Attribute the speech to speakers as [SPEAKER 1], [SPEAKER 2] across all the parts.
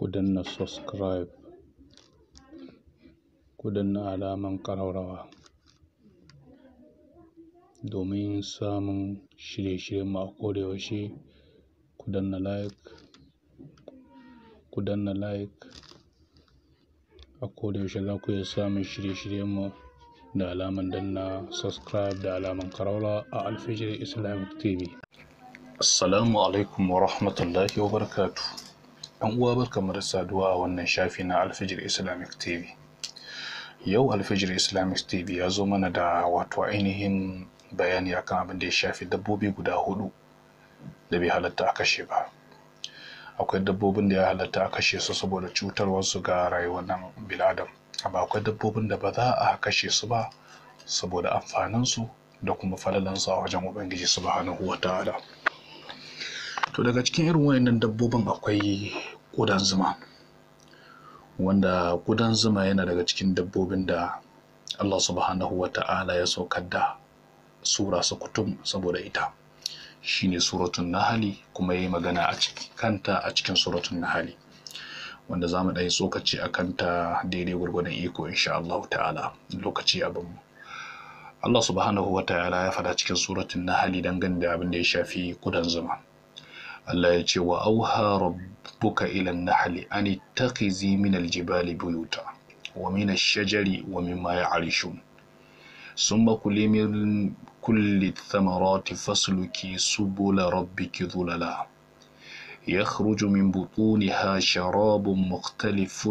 [SPEAKER 1] ku danna subscribe, ku danna alaman ƙararrawa domin samun shirye-shiryenmu a koda Ku danna like, ku danna like. A kodayaushe za ku iya samun shirye-shiryenmu da alaman danna subscribe da alaman ƙararrawa a alfijir fijr Islamic TV. Assalamu alaikum wa rahmatullahi wa barakatuh. 'Yan uwa barkamu da saduwa a wannan shafi na Alfijir Islamic TV. Yau Alfijir Islamic TV ya zo mana da wato ainihin bayani akan abin da ya shafi dabbobi guda hudu da bai halatta a kashe ba. Akwai dabbobin da ya halatta a kashe su saboda su ga rayuwar nan bil'adam, amma akwai dabbobin da ba za a kashe su ba saboda amfaninsu da kuma falalansu a wajen Ubangiji subhanahu wa ta'ala. to daga cikin irin wayannan dabbobin akwai ƙudan zuma wanda ƙudan zuma yana daga cikin dabbobin da Allah subhanahu wa ta'ala ya saukar da sura su kutum saboda ita shi ne suratun nahali kuma ya yi magana a kanta a cikin suratun nahali wanda za mu ɗaya tsokaci a kanta daidai gwargwadon iko insha Allah ta'ala lokaci abinmu Allah subhanahu wa ta'ala ya faɗa cikin suratun nahali dangane da abin da ya shafi ƙudan zuma Allah ya ce wa auha ربك إلى النحل أن اتخذي من الجبال بيوتا ومن الشجر ومما يعرشون ثم كلي من كل الثمرات فاسلكي سبل ربك ظللا يخرج من بطونها شراب مختلف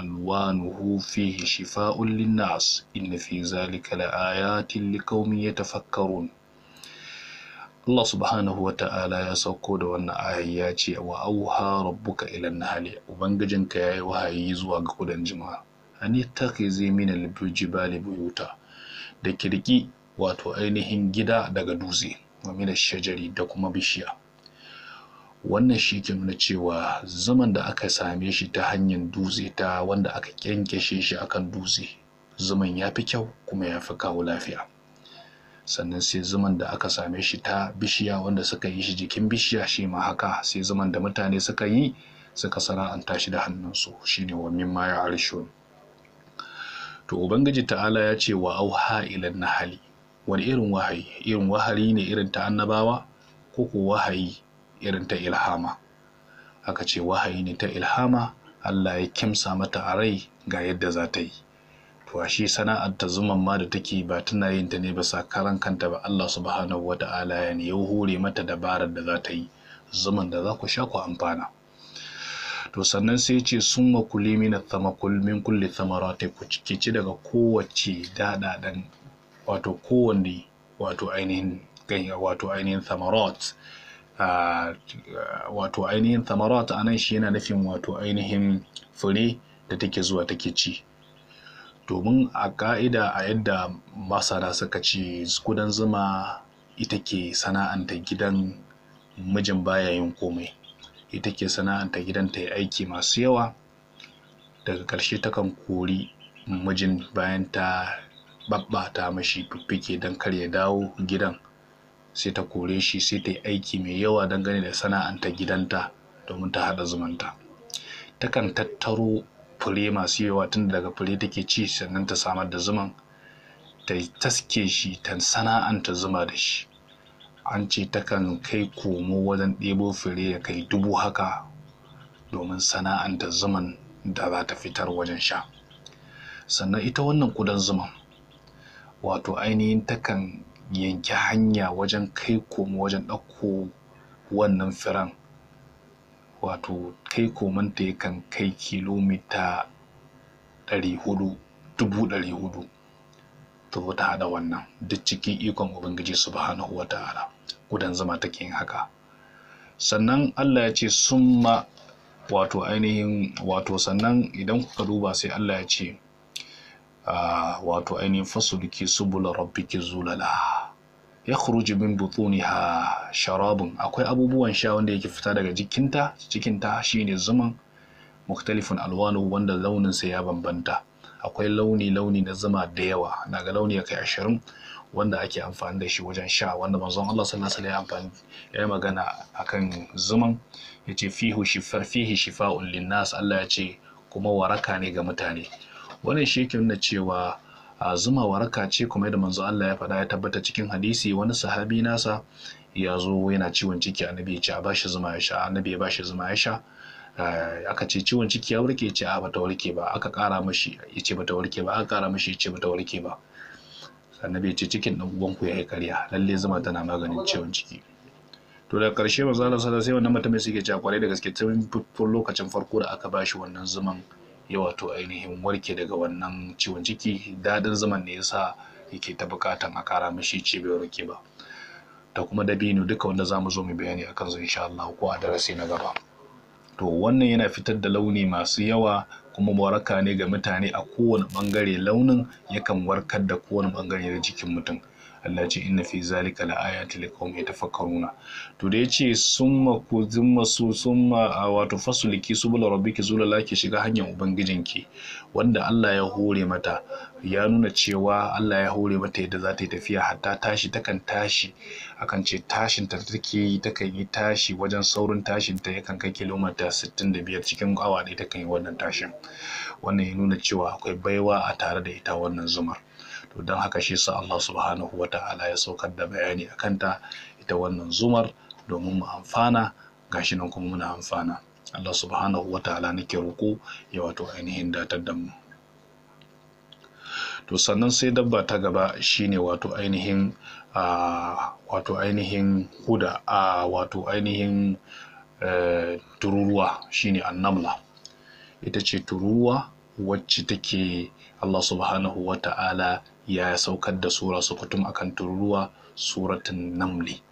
[SPEAKER 1] ألوانه فيه شفاء للناس إن في ذلك لآيات لقوم يتفكرون Allah subhanahu wa ta'ala ya sauko da wannan ayan ya ce wa auha rabbuka ila nahali ubangijinka yi wahayi zuwa ga kudan jima'a. ani zai zai al-jibali buyuta da kirki wato ainihin gida daga dutse wa da shajari da kuma bishiya wannan shi ke nuna cewa zaman da aka same shi ta hanyar dutse ta wanda aka kyankyashe shi akan dutse zaman ya fi kyau kuma ya fi kawo lafiya sannan sai zuman da aka same shi ta bishiya wanda suka yi shi jikin bishiya shi ma haka sai zuman da mutane suka yi suka sana'anta shi da hannunsu shine wa mimma ya arshun to ubangiji ta'ala ya ce wa auha ilan nahali wani irin wahayi irin wahayi ne irin ta annabawa ko ko wahayi irin ta ilhama aka ce wahayi ne ta ilhama Allah ya kimsa mata a rai ga yadda za ta yi shi sana'ar ta zuman ma da take ba tana yin ta ne ba sa karan kanta ba Allah subhanahu wa ta'ala ya ne ya hore mata dabarar da za ta yi zuman da za ku sha ku amfana to sannan sai ce sun makuli min thamakul min kulli thamarati ku ci daga kowace dadadan wato kowanne wato ainihin ganya wato ainihin thamarat wato ainihin thamarat anan shi yana nufin wato ainihin fure da take zuwa take ci domin a ƙa'ida a yadda masara suka ce kudan zuma ita ke sana'anta gidan mijin baya yin komai ita ke sana'anta gidan ta yi aiki masu yawa daga ƙarshe takan kori mijin bayan ta ɓaɓɓata mashi fiffike don kar ya dawo gidan sai ta kore shi sai ta yi aiki mai yawa dangane da sana'anta gidanta domin ta haɗa zumanta takan tattaro fure masu yawa tun daga fure take ci sannan ta samar da zuman ta taske shi ta sana'anta zuma da shi an ce ta kan kai komo wajen ɗebo fure ya kai dubu haka domin sana'anta zuman da za ta fitar wajen sha sannan ita wannan kudan zuman wato ainihin ta kan yanki hanya wajen kai komo wajen ɗauko wannan firan wato kai komanta yakan kai kilomita dubu ɗari to ta haɗa wannan duk cikin ikon ubangiji subhanahu wa ta'ala gudan zama ke yin haka sannan Allah ya ce ma wato ainihin wato sannan idan kuka duba sai Allah ya ce ah, wato ainihin fasulki subul rabbiki zulala ya khuruji min butuniha sharabun akwai abubuwan sha wanda yake fita daga jikinta cikinta shine zuman muktalifun alwanu wanda launinsa ya bambanta akwai launi launi na zuma da yawa Na ga launi ya kai ashirin wanda ake amfani da shi wajen sha wanda manzon Allah sallallahu alaihi wasallam ya yi magana akan zuman yace fihi shifar fihi shifa'un linnas Allah ya ce kuma waraka ne ga mutane wannan shekin na cewa zuma waraka ce kuma da manzo Allah ya faɗa ya tabbata cikin hadisi wani sahabi nasa ya zo yana ciwon ciki annabi ya ce a bashi zuma ya sha annabi ya bashi zuma ya sha aka ce ciwon ciki ya warke ce a bata warke ba aka ƙara mashi ya ce bata warke ba aka ƙara mashi ya ce bata warke ba annabi ya ce cikin ɗan uwanku ya yi karya lalle zuma tana maganin ciwon ciki to da ƙarshe manzo Allah sai wannan mutumin suke cewa kwarai da gaske tun lokacin farko da aka bashi wannan zuman ya wato ainihin warke daga wannan ciwon ciki daɗin zaman ne yasa yake ta buƙatan a ƙara mishi cibiyar warke ba da kuma dabino duka wanda za mu zo mu bayani akan su insha Allah ko a darasi na gaba to wannan yana fitar da launi masu yawa kuma waraka ne ga mutane a kowane ɓangare launin yakan warkar da kowane ɓangare na jikin mutum Allah ce inna fi zalika la'ayati liqaumin yatafakkaruna to da yace summa ku zumma su summa wato fasuliki subul rabbiki zula ki shiga hanyar ubangijinki wanda Allah ya hore mata ya nuna cewa Allah ya hore mata yadda za ta yi tafiya hatta tashi takan tashi akan ce tashin ta take yi takan yi tashi wajen saurin tashin ta yakan kai kilomita 65 cikin awa ɗaya takan yi wannan tashin wannan ya nuna cewa akwai baiwa a tare da ita wannan zumar to don haka shi sa Allah subhanahu wa ta'ala ya saukar da bayani a kanta ita wannan zumar domin mu amfana gashi nan kuma muna amfana Allah subhanahu wa ta'ala nake roƙo ya wato ainihin datar da mu to sannan sai dabba ta gaba shine wato ainihin wato ainihin huda a wato ainihin e, tururuwa shine annamla ita ce tururuwa wacce take Allah subhanahu wa ta'ala ya saukar da sura sukutum akan tururuwa suratun namli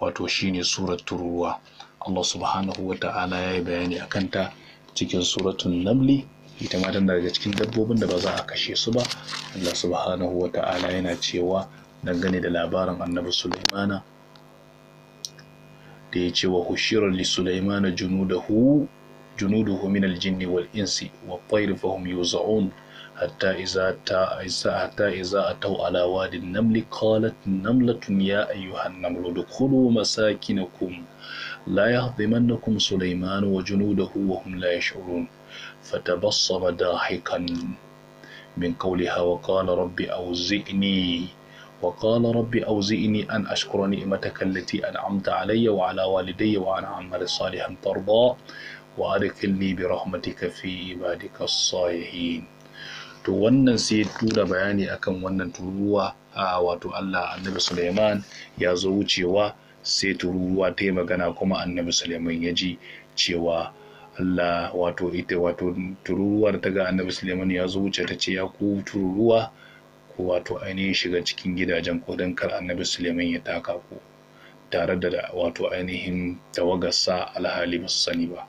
[SPEAKER 1] wato shine surar tururuwa Allah subhanahu wa ta'ala ya yi bayani a kanta cikin suratun namli ita ma tana daga cikin dabbobin da ba za a kashe su ba Allah subhanahu wa ta'ala yana cewa dangane da labarin annabi Sulaimana da ya ce wa hushira li Sulaimana junu junuduhu min al-jinni wal insi wa tayr yuzaun حتى إذا حتى إذا أتوا على وادي النمل قالت نملة يا أيها النمل ادخلوا مساكنكم لا يهضمنكم سليمان وجنوده وهم لا يشعرون فتبصم ضاحكا من قولها وقال رب أوزئني وقال رب أوزئني أن أشكر نعمتك التي أنعمت علي وعلى والدي وأن أعمل صالحا ترضى وأدخلني برحمتك في عبادك الصالحين to wannan sai tura bayani akan wannan tururuwa a wato Allah annabi Suleiman ya zo wucewa sai tururuwa ta yi magana kuma annabi Suleiman ya ji cewa Allah wato ita wato tururuwar ta ga annabi Suleiman ya zo wuce ta ce ya ku tururuwa ko wato ainihin shiga cikin gidajen ko kar annabi Suleiman ya taka ku tare da wato ainihin tawagarsa alhali ba su sani ba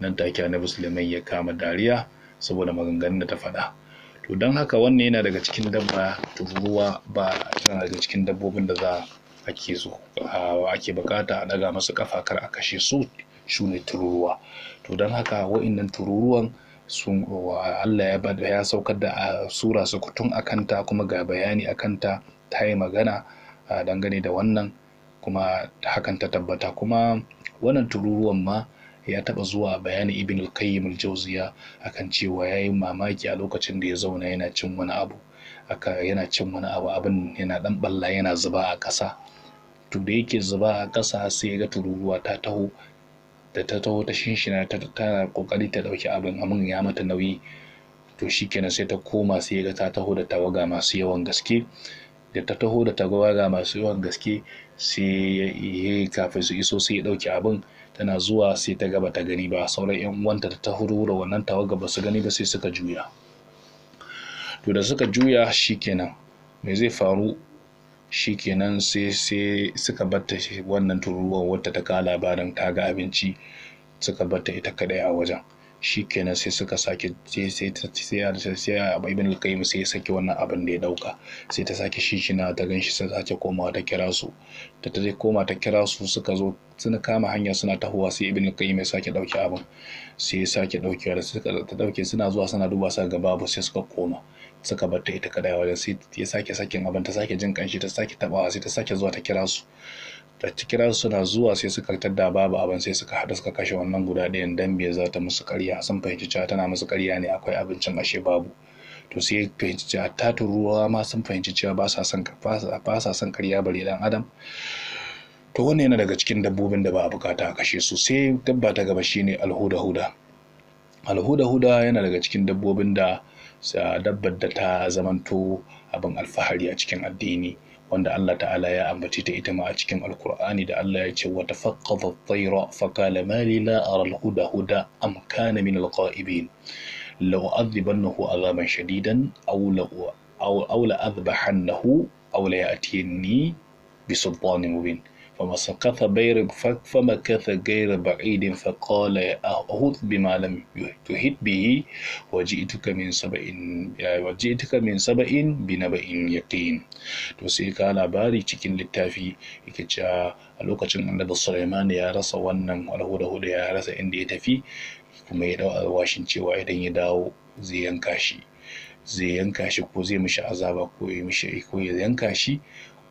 [SPEAKER 1] nan take annabi Suleiman ya kama dariya saboda maganganun da ta faɗa. to don haka wannan yana daga cikin dabba tururuwa ba tana daga cikin dabbobin da za ake so ake bukata a daga masu kafa kar a kashe su shine tururuwa to don haka wa'innan tururuwan sun Allah ya bada ya saukar da sura sukutun akanta kuma ga bayani akanta ta yi magana dangane da wannan kuma hakan ta tabbata kuma wannan tururuwan ma ya taɓa zuwa bayanin ibn al-qayyim al-jawziya akan cewa yayi mamaki a lokacin da ya zauna yana cin wani abu aka yana cin wani abu abin yana dan balla yana zuba a kasa to da yake zuba a ƙasa sai ya ga tururuwa ta taho da ta taho ta shinshina ta tana kokari ta dauki abin amma ya mata nauyi to shikenan sai ta koma sai ya ga ta taho da tawaga masu yawan gaske da ta taho da ga masu yawan gaske sai kafin su iso sai ya ɗauki abin tana zuwa sai ta gaba ta gani ba sauran yan uwanta ta taho da wannan tawaga ba su gani ba sai suka juya to da suka juya shikenan me zai faru shikenan sai sai suka batta wannan tururuwan wata ta ka labarin ta ga abinci suka batta ita kadai a wajen shi kenan sai suka sake sai a ibn al-qayyim sai ya saki wannan abin da ya dauka sai ta sake shishina ta ganshi sai sake komawa ta kira su da ta koma ta kira su suka zo suna kama hanya suna tahowa sai ibn al-qayyim ya sake dauki abin sai ya sake dauki da suka ta dauke suna zuwa suna duba sa ga babu sai suka koma suka bar ta ita kadai wajen sai ya sake sakin abin ta sake jin kanshi ta sake tabawa sai ta sake zuwa ta kira su da cikiran suna zuwa sai suka da babu abin sai suka haɗu suka kashe wannan guda ɗayan dan me za ta musu ƙarya sun fahimci cewa tana musu ƙarya ne akwai abincin ashe babu to sai fahimci cewa tatun ruwa ma sun fahimci cewa ba sa son ba sa son ƙarya bare dan adam to wannan yana daga cikin dabbobin da ba a bukata a kashe su sai dabba ta gaba shine alhuda huda alhuda huda yana daga cikin dabbobin da dabbar da ta zamanto abin alfahari a cikin addini wanda Allah ta'ala ya ambace ta ita ma a cikin alkur'ani da Allah ya ce wata faqqadha at-tayra fa qala ma li la ara al-huda huda am kana min al-qa'ibin law adhibannahu adhaban shadidan aw la aw la adhbahannahu aw la ya'tini bi sultanin mubin ومسقط بير كث غير بعيد فقال أهوذ بما لم تهت به وجئتك من سبأ وجئتك من سبئ بنبئ يقين to sai ka labari cikin littafi yake cewa a lokacin annabi Sulaiman ya rasa wannan da hudu ya rasa inda ya tafi kuma ya dau washin cewa idan ya dawo zai yanka shi zai yanka shi ko zai mishi azaba ko ya mishi ko ya yanka shi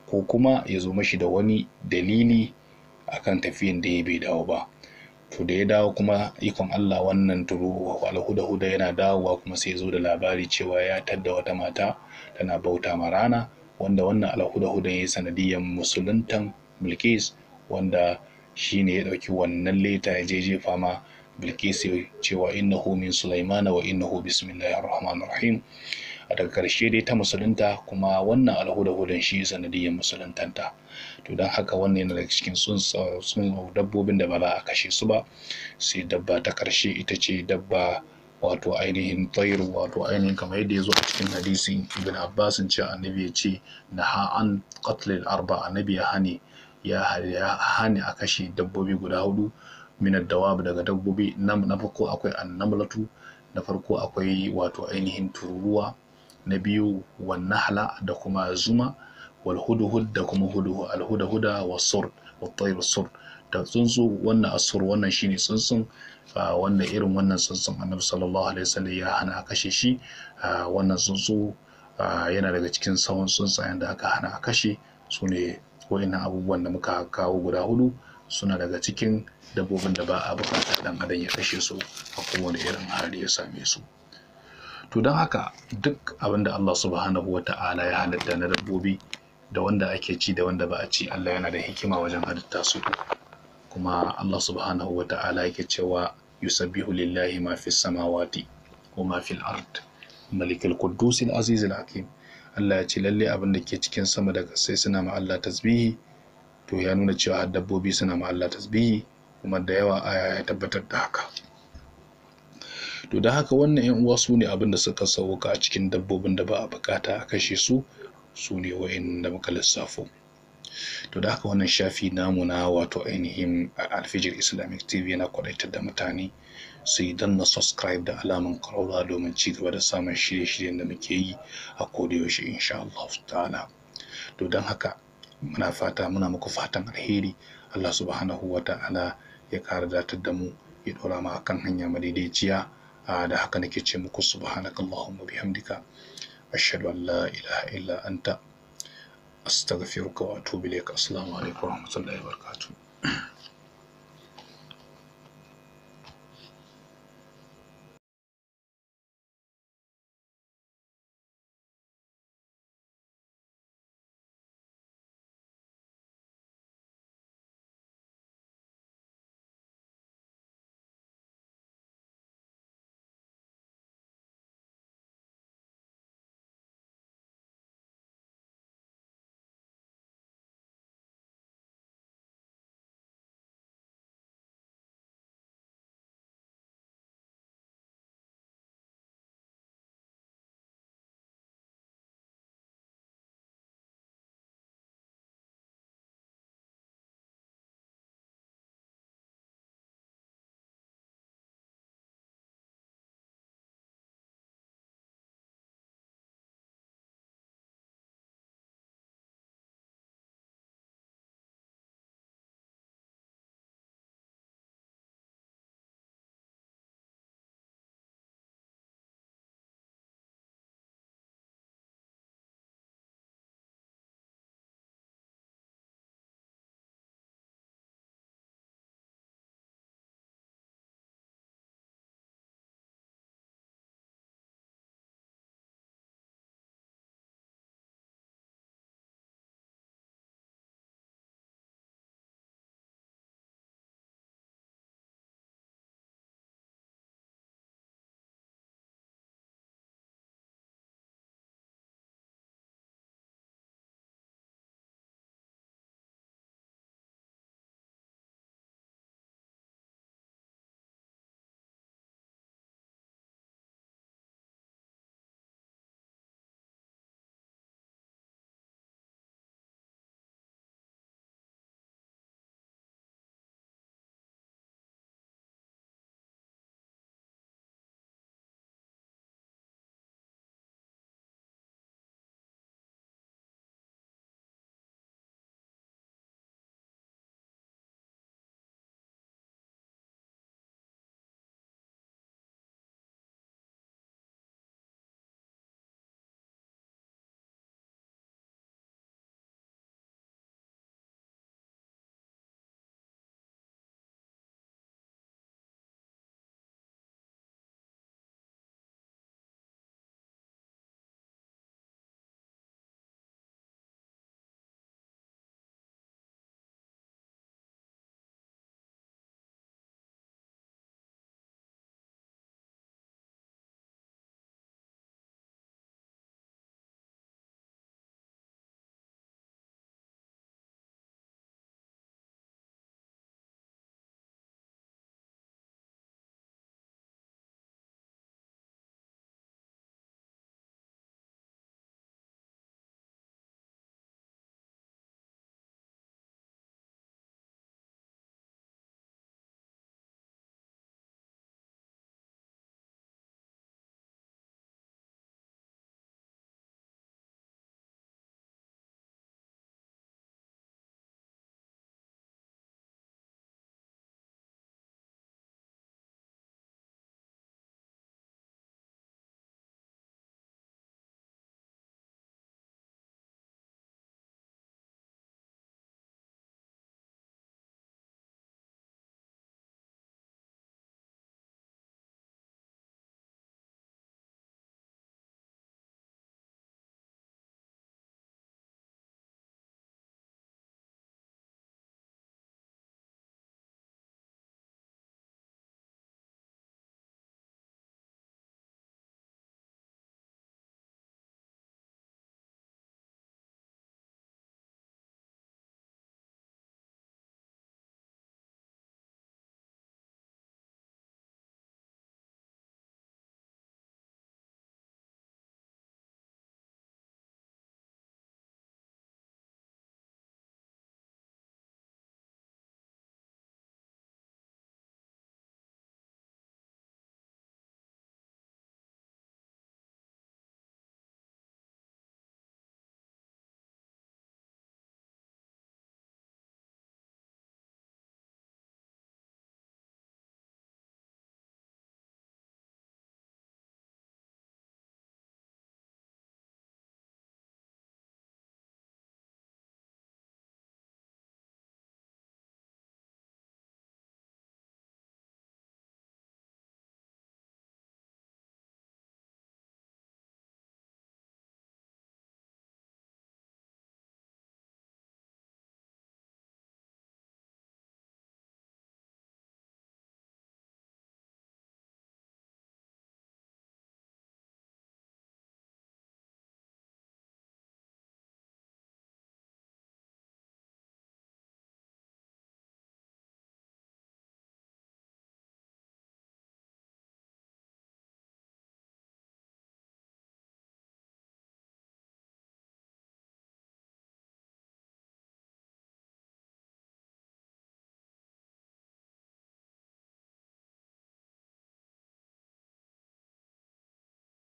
[SPEAKER 1] ko kuma ya zo mashi da wani dalili akan tafiyan da ya bai dawo ba to da ya dawo kuma ikon Allah wannan turu alhuda huda yana dawowa kuma sai ya zo da labari cewa ya tadda wata mata tana bauta ma rana wanda wannan alhuda huda ya yi sanadiyar musuluntan Bilkis wanda shi ne ya ɗauki wannan leta ya je jefa ma Bilkis cewa innahu min Sulaimana wa innahu bismillahir rahmanir a daga ƙarshe dai ta musulunta kuma wannan alhuda hudun shi sanadiyyar musuluntanta to don haka wannan yana daga cikin sun dabbobin da ba za a kashe su ba sai dabba ta ƙarshe ita ce dabba wato ainihin tsayir wato ainihin kamar yadda ya zo a cikin hadisi ibn abbasin ce annabi ya ce na ha'an qatlil arba annabi ya hane ya hane a kashe dabbobi guda hudu minar dawab daga dabbobi na farko akwai annamlatu na farko akwai wato ainihin tururuwa na biyu hala da kuma zuma wal hudhud da kuma hudu al hudhuda wa wattayr sur da tsuntsu wannan asur wannan shine tsuntsun wannan irin wannan tsuntsun annabi sallallahu alaihi wasallam ya hana kashe shi wannan tsuntsu yana daga cikin sahun tsuntsayen da aka hana kashe su ne abubuwan da muka kawo guda hudu suna daga cikin dabbobin da ba a bukatar dan adam ya kashe su a kowane irin hali ya same su to don haka duk abin da Allah subhanahu wa ta'ala ya halitta na dabbobi da wanda ake ci da wanda ba a ci Allah yana da hikima wajen halitta su kuma Allah subhanahu wa ta'ala yake cewa yusabbihu lillahi ma fi samawati wa ma fil ard malikul quddus al aziz hakim Allah ya ce lalle abin da ke cikin sama da sai suna ma Allah tasbihi to ya nuna cewa har dabbobi suna ma Allah tasbihi kuma da yawa aya ya tabbatar da haka to da haka wannan yan uwa su ne abin da suka sauka a cikin dabbobin da ba a bukata a kashe su su ne wa'in da muka lissafo to da haka wannan shafi namu na wato ainihin alfijir islamic tv yana kwadaitar da mutane su yi danna subscribe da alaman karaura domin ci gaba da samun shirye-shiryen da muke yi a kodayaushe insha Allah ta'ala to don haka muna fata muna muku fatan alheri Allah subhanahu wa ta'ala ya kara datar da mu ya dora mu akan hanya madaidaiciya Ah, da haka nake ce muku subhanakallahumma bihamdika ashhadu an la ilaha illa anta astaghfiruka wa atubu ilayk assalamu alaikum wa rahmatullahi wa barakatuh